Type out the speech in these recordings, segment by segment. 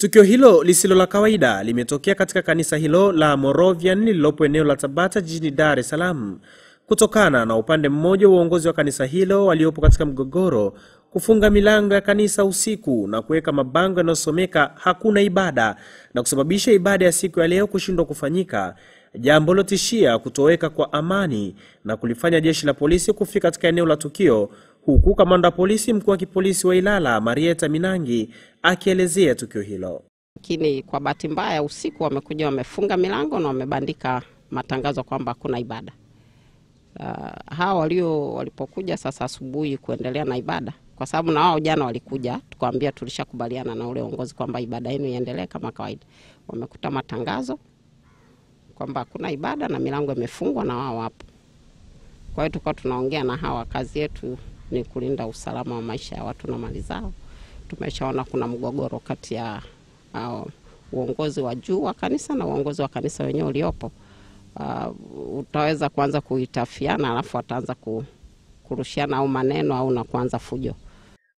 Tukio hilo lisilo la kawaida limetokea katika kanisa hilo la morovian lililopo eneo la Tabata jijini Dar es Salaam kutokana na upande mmoja wa uongozi wa kanisa hilo waliopo katika mgogoro kufunga milango ya kanisa usiku na kuweka mabango yanayosomeka hakuna ibada na kusababisha ibada ya siku ya leo kushindwa kufanyika, jambo lilotishia kutoweka kwa amani na kulifanya jeshi la polisi kufika katika eneo la tukio huku kamanda wa polisi mkuu wa kipolisi wa Ilala Marieta Minangi akielezea tukio hilo. Lakini kwa bahati mbaya usiku wamekuja wamefunga milango na wamebandika matangazo kwamba kuna ibada. Uh, hao walio walipokuja sasa asubuhi kuendelea na ibada, kwa sababu na wao jana walikuja, tukwambia tulishakubaliana na ule uongozi kwamba ibada yenu iendelee kama kawaida. Wamekuta matangazo kwamba kuna ibada na milango imefungwa na wao wapo. Kwa hiyo tulikuwa tunaongea na hawa, kazi yetu ni kulinda usalama wa maisha ya watu na mali zao. Tumeshaona kuna mgogoro kati ya uh, uongozi wa juu wa kanisa na uongozi wa kanisa wenyewe uliopo. Uh, utaweza kuanza kuitafiana alafu ataanza ku, kurushiana au maneno au na kuanza fujo.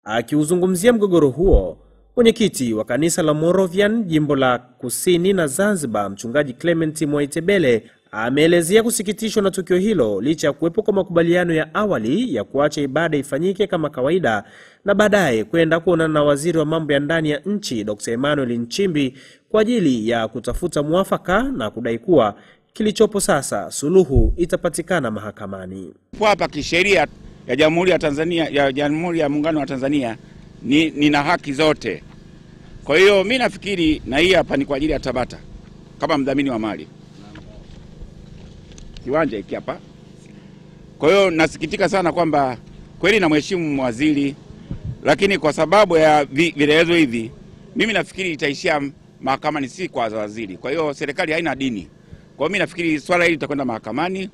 Akiuzungumzia mgogoro huo, mwenyekiti wa kanisa la Moravian jimbo la Kusini na Zanzibar, mchungaji Clement Mwaitebele ameelezea kusikitishwa na tukio hilo licha ya kuwepo kwa makubaliano ya awali ya kuacha ibada ifanyike kama kawaida na baadaye kwenda kuonana na waziri wa mambo ya ndani ya nchi Dr. Emmanuel Nchimbi kwa ajili ya kutafuta mwafaka na kudai kuwa kilichopo sasa suluhu itapatikana mahakamani. Hapa kisheria ya Jamhuri ya Tanzania, ya Jamhuri ya Muungano wa Tanzania ni nina haki zote. Kwa hiyo mi nafikiri na hii hapa ni kwa ajili ya Tabata kama mdhamini wa mali kiwanja hiki hapa. Kwa hiyo nasikitika sana kwamba kweli namheshimu waziri, lakini kwa sababu ya vilelezo hivi mimi nafikiri itaishia mahakamani, si kwa waziri. Kwa hiyo serikali haina dini. Kwa hiyo mimi nafikiri swala hili litakwenda mahakamani.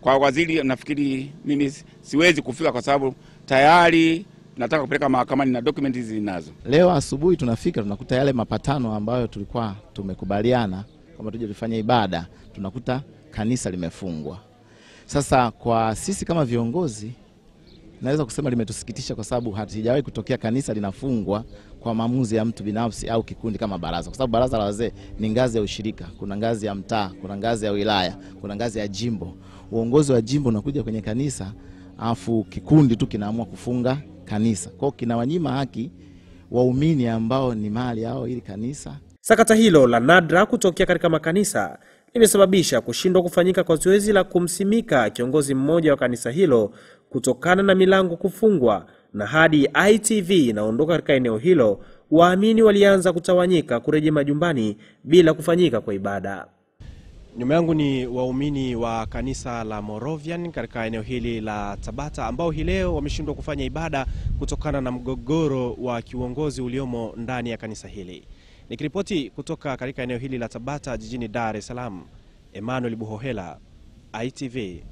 Kwa waziri nafikiri mimi siwezi kufika kwa sababu tayari nataka kupeleka mahakamani na dokumenti hizi ninazo. Leo asubuhi tunafika tunakuta yale mapatano ambayo tulikuwa tumekubaliana kwamba tuje tufanye ibada, tunakuta kanisa limefungwa. Sasa kwa sisi kama viongozi, naweza kusema limetusikitisha kwa sababu hatijawahi kutokea kanisa linafungwa kwa maamuzi ya mtu binafsi au kikundi kama baraza, kwa sababu baraza la wazee ni ngazi ya ushirika. Kuna ngazi ya mtaa, kuna ngazi ya wilaya, kuna ngazi ya jimbo. Uongozi wa jimbo unakuja kwenye kanisa, afu kikundi tu kinaamua kufunga kanisa, kwao kinawanyima haki waumini ambao ni mali yao ili kanisa. Sakata hilo la nadra kutokea katika makanisa imesababisha kushindwa kufanyika kwa zoezi la kumsimika kiongozi mmoja wa kanisa hilo kutokana na milango kufungwa, na hadi ITV inaondoka katika eneo hilo, waamini walianza kutawanyika kurejea majumbani bila kufanyika kwa ibada. Nyuma yangu ni waumini wa kanisa la Moravian katika eneo hili la Tabata ambao hii leo wameshindwa kufanya ibada kutokana na mgogoro wa kiuongozi uliomo ndani ya kanisa hili. Nikiripoti kutoka katika eneo hili la Tabata jijini Dar es Salaam, Emmanuel Buhohela, ITV.